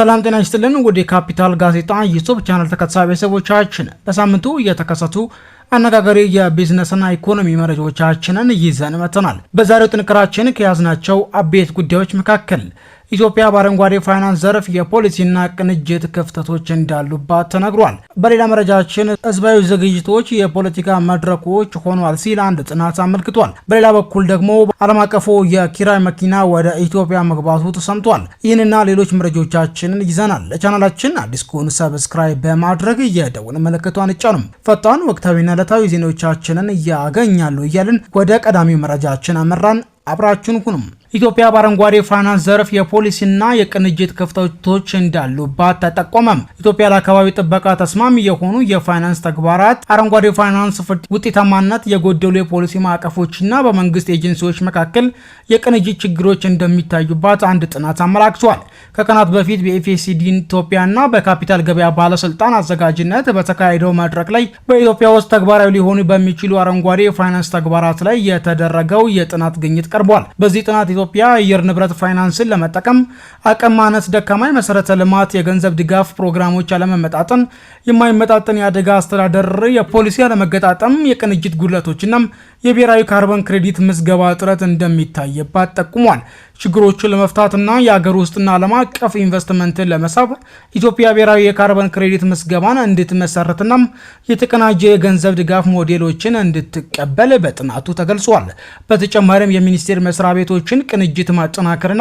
ሰላም ጤና ይስጥልን። ወደ ካፒታል ጋዜጣ ዩቱብ ቻናል ተከታታይ ቤተሰቦቻችን በሳምንቱ እየተከሰቱ አነጋጋሪ የቢዝነስና ኢኮኖሚ መረጃዎቻችንን ይዘን መጥተናል። በዛሬው ጥንቅራችን ከያዝናቸው አበይት ጉዳዮች መካከል ኢትዮጵያ በአረንጓዴ ፋይናንስ ዘርፍ የፖሊሲና ቅንጅት ክፍተቶች እንዳሉባት ተነግሯል። በሌላ መረጃችን ህዝባዊ ዝግጅቶች የፖለቲካ መድረኮች ሆኗል ሲል አንድ ጥናት አመልክቷል። በሌላ በኩል ደግሞ ዓለም አቀፉ የኪራይ መኪና ወደ ኢትዮጵያ መግባቱ ተሰምቷል። ይህንና ሌሎች መረጃዎቻችንን ይዘናል። ለቻናላችን አዲስ ከሆኑ ሰብስክራይብ በማድረግ የደውል ምልክቷን ይጫኑም። ፈጣን ወቅታዊና ዕለታዊ ዜናዎቻችንን እያገኛሉ እያልን ወደ ቀዳሚው መረጃችን አመራን። አብራችን ሁኑም። ኢትዮጵያ በአረንጓዴ ፋይናንስ ዘርፍ የፖሊሲና የቅንጅት ክፍተቶች እንዳሉባት ተጠቆመም። ኢትዮጵያ ለአካባቢ ጥበቃ ተስማሚ የሆኑ የፋይናንስ ተግባራት፣ አረንጓዴ ፋይናንስ ውጤታማነት የጎደሉ የፖሊሲ ማዕቀፎችና በመንግስት ኤጀንሲዎች መካከል የቅንጅት ችግሮች እንደሚታዩባት አንድ ጥናት አመላክቷል። ከቀናት በፊት በኤፍኤስዲ ኢትዮጵያና በካፒታል ገበያ ባለስልጣን አዘጋጅነት በተካሄደው መድረክ ላይ በኢትዮጵያ ውስጥ ተግባራዊ ሊሆኑ በሚችሉ አረንጓዴ የፋይናንስ ተግባራት ላይ የተደረገው የጥናት ግኝት ቀርቧል። በዚህ ጥናት ኢትዮጵያ አየር ንብረት ፋይናንስን ለመጠቀም አቅም ማነስ፣ ደካማ የመሰረተ ልማት፣ የገንዘብ ድጋፍ ፕሮግራሞች አለመመጣጠን፣ የማይመጣጠን የአደጋ አስተዳደር፣ የፖሊሲ አለመገጣጠም፣ የቅንጅት ጉድለቶችና የብሔራዊ ካርበን ክሬዲት ምዝገባ እጥረት እንደሚታይባት ጠቁሟል። ችግሮቹን ለመፍታትና የአገር ውስጥና ለማ አቀፍ ኢንቨስትመንትን ለመሳብ ኢትዮጵያ ብሔራዊ የካርበን ክሬዲት ምዝገባን እንድትመሰረትና የተቀናጀ የገንዘብ ድጋፍ ሞዴሎችን እንድትቀበል በጥናቱ ተገልጿል። በተጨማሪም የሚኒስቴር መስሪያ ቤቶችን ቅንጅት ማጠናከርና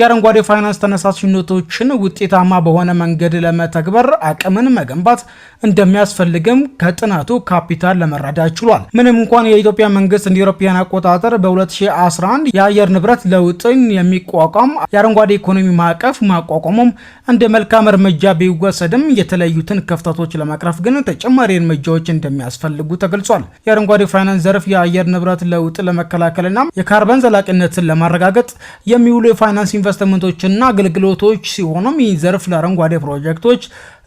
የአረንጓዴ ፋይናንስ ተነሳሽነቶችን ውጤታማ በሆነ መንገድ ለመተግበር አቅምን መገንባት እንደሚያስፈልግም ከጥናቱ ካፒታል ለመረዳት ችሏል። ምንም እንኳን የኢትዮጵያ መንግስት እንደ አውሮፓውያን አቆጣጠር በ2011 የአየር ንብረት ለውጥን የሚቋቋም የአረንጓዴ ኢኮኖሚ ማዕቀፍ ድጋፍ ማቋቋሙም እንደ መልካም እርምጃ ቢወሰድም የተለያዩትን ክፍተቶች ለማቅረፍ ግን ተጨማሪ እርምጃዎች እንደሚያስፈልጉ ተገልጿል። የአረንጓዴ ፋይናንስ ዘርፍ የአየር ንብረት ለውጥ ለመከላከልና የካርበን ዘላቂነትን ለማረጋገጥ የሚውሉ የፋይናንስ ኢንቨስትመንቶችና አገልግሎቶች ሲሆኑም ይህ ዘርፍ ለአረንጓዴ ፕሮጀክቶች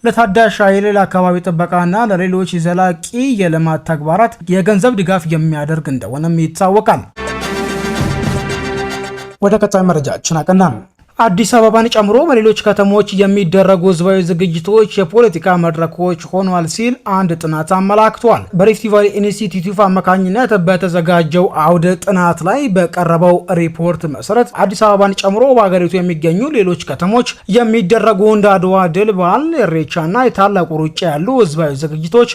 ለታዳሽ ኃይል ለአካባቢ ጥበቃና ለሌሎች ዘላቂ የልማት ተግባራት የገንዘብ ድጋፍ የሚያደርግ እንደሆነም ይታወቃል። ወደ ቀጣይ መረጃችን አቀናን። አዲስ አበባን ጨምሮ በሌሎች ከተሞች የሚደረጉ ህዝባዊ ዝግጅቶች የፖለቲካ መድረኮች ሆኗል ሲል አንድ ጥናት አመላክቷል። በሪፍት ቫሊ ኢንስቲትዩት አማካኝነት በተዘጋጀው አውደ ጥናት ላይ በቀረበው ሪፖርት መሰረት አዲስ አበባን ጨምሮ በሀገሪቱ የሚገኙ ሌሎች ከተሞች የሚደረጉ እንደ አድዋ ድል በዓል፣ ኢሬቻና የታላቁ ሩጫ ያሉ ህዝባዊ ዝግጅቶች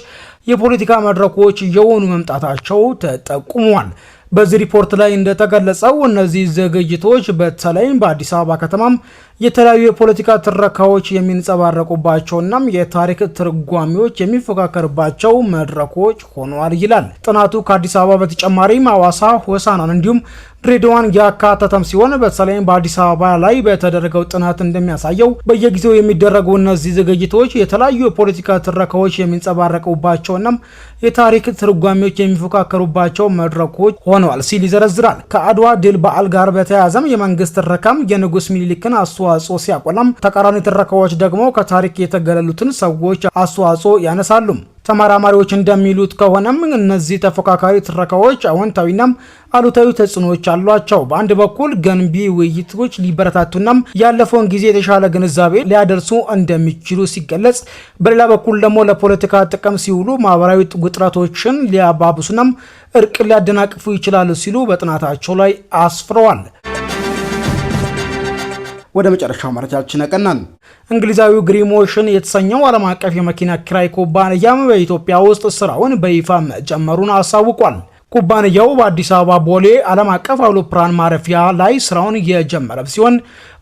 የፖለቲካ መድረኮች እየሆኑ መምጣታቸው ተጠቁሟል። በዚህ ሪፖርት ላይ እንደተገለጸው እነዚህ ዝግጅቶች በተለይም በአዲስ አበባ ከተማም የተለያዩ የፖለቲካ ትረካዎች የሚንጸባረቁባቸውናም የታሪክ ትርጓሚዎች የሚፎካከርባቸው መድረኮች ሆነዋል ይላል ጥናቱ። ከአዲስ አበባ በተጨማሪም አዋሳ፣ ሆሳናን እንዲሁም ድሬዳዋን ያካተተም ሲሆን በተለይም በአዲስ አበባ ላይ በተደረገው ጥናት እንደሚያሳየው በየጊዜው የሚደረጉ እነዚህ ዝግጅቶች የተለያዩ የፖለቲካ ትረካዎች የሚንጸባረቁባቸውና የታሪክ ትርጓሜዎች የሚፎካከሩባቸው መድረኮች ሆነዋል ሲል ይዘረዝራል። ከአድዋ ድል በዓል ጋር በተያያዘም የመንግስት ትረካም የንጉስ ሚኒልክን አስተዋጽኦ ሲያቆላም፣ ተቃራኒ ትረካዎች ደግሞ ከታሪክ የተገለሉትን ሰዎች አስተዋጽኦ ያነሳሉ። ተመራማሪዎች እንደሚሉት ከሆነም እነዚህ ተፎካካሪ ትረካዎች አዎንታዊናም አሉታዊ ተጽዕኖዎች አሏቸው። በአንድ በኩል ገንቢ ውይይቶች ሊበረታቱናም ያለፈውን ጊዜ የተሻለ ግንዛቤ ሊያደርሱ እንደሚችሉ ሲገለጽ፣ በሌላ በኩል ደግሞ ለፖለቲካ ጥቅም ሲውሉ ማህበራዊ ውጥረቶችን ሊያባብሱናም እርቅ ሊያደናቅፉ ይችላሉ ሲሉ በጥናታቸው ላይ አስፍረዋል። ወደ መጨረሻው መረጃችን ያቀናል። እንግሊዛዊው ግሪሞሽን የተሰኘው ዓለም አቀፍ የመኪና ኪራይ ኩባንያም በኢትዮጵያ ውስጥ ስራውን በይፋ መጀመሩን አሳውቋል። ኩባንያው በአዲስ አበባ ቦሌ ዓለም አቀፍ አውሮፕላን ማረፊያ ላይ ስራውን የጀመረ ሲሆን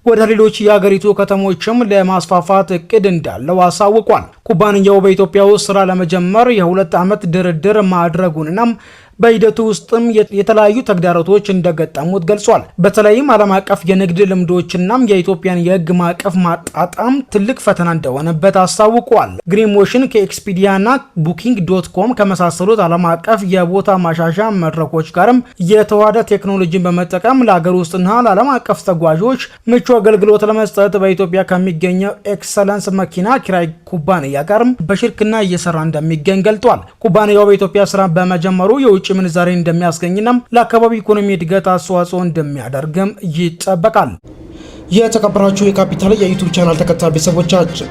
ወደ ሌሎች የአገሪቱ ከተሞችም ለማስፋፋት እቅድ እንዳለው አሳውቋል። ኩባንያው በኢትዮጵያ ውስጥ ስራ ለመጀመር የሁለት ዓመት ድርድር ማድረጉንናም በሂደቱ ውስጥም የተለያዩ ተግዳሮቶች እንደገጠሙት ገልጿል። በተለይም ዓለም አቀፍ የንግድ ልምዶችናም የኢትዮጵያን የህግ ማዕቀፍ ማጣጣም ትልቅ ፈተና እንደሆነበት አስታውቋል። ግሪንሞሽን ከኤክስፒዲያና ቡኪንግ ዶት ኮም ከመሳሰሉት ዓለም አቀፍ የቦታ ማሻሻ መድረኮች ጋርም የተዋደ ቴክኖሎጂን በመጠቀም ለአገር ውስጥና ለዓለም አቀፍ ተጓዦች ምቹ አገልግሎት ለመስጠት በኢትዮጵያ ከሚገኘው ኤክሰለንስ መኪና ኪራይ ኩባንያ ጋርም በሽርክና እየሰራ እንደሚገኝ ገልጧል። ኩባንያው በኢትዮጵያ ስራ በመጀመሩ የውጭ የውጭ ምንዛሬ እንደሚያስገኝና ለአካባቢ ኢኮኖሚ እድገት አስተዋጽኦ እንደሚያደርግም ይጠበቃል። የተከበራችሁ የካፒታል የዩቱብ ቻናል ተከታይ ቤተሰቦቻችን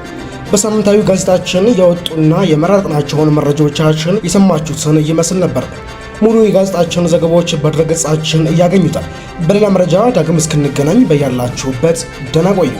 በሳምንታዊ ጋዜጣችን የወጡና የመረጥናቸውን መረጃዎቻችን የሰማችሁትን ይመስል ነበር። ሙሉ የጋዜጣችን ዘገባዎች በድረገጻችን ያገኙታል። በሌላ መረጃ ዳግም እስክንገናኝ በያላችሁበት ደህና ቆዩ።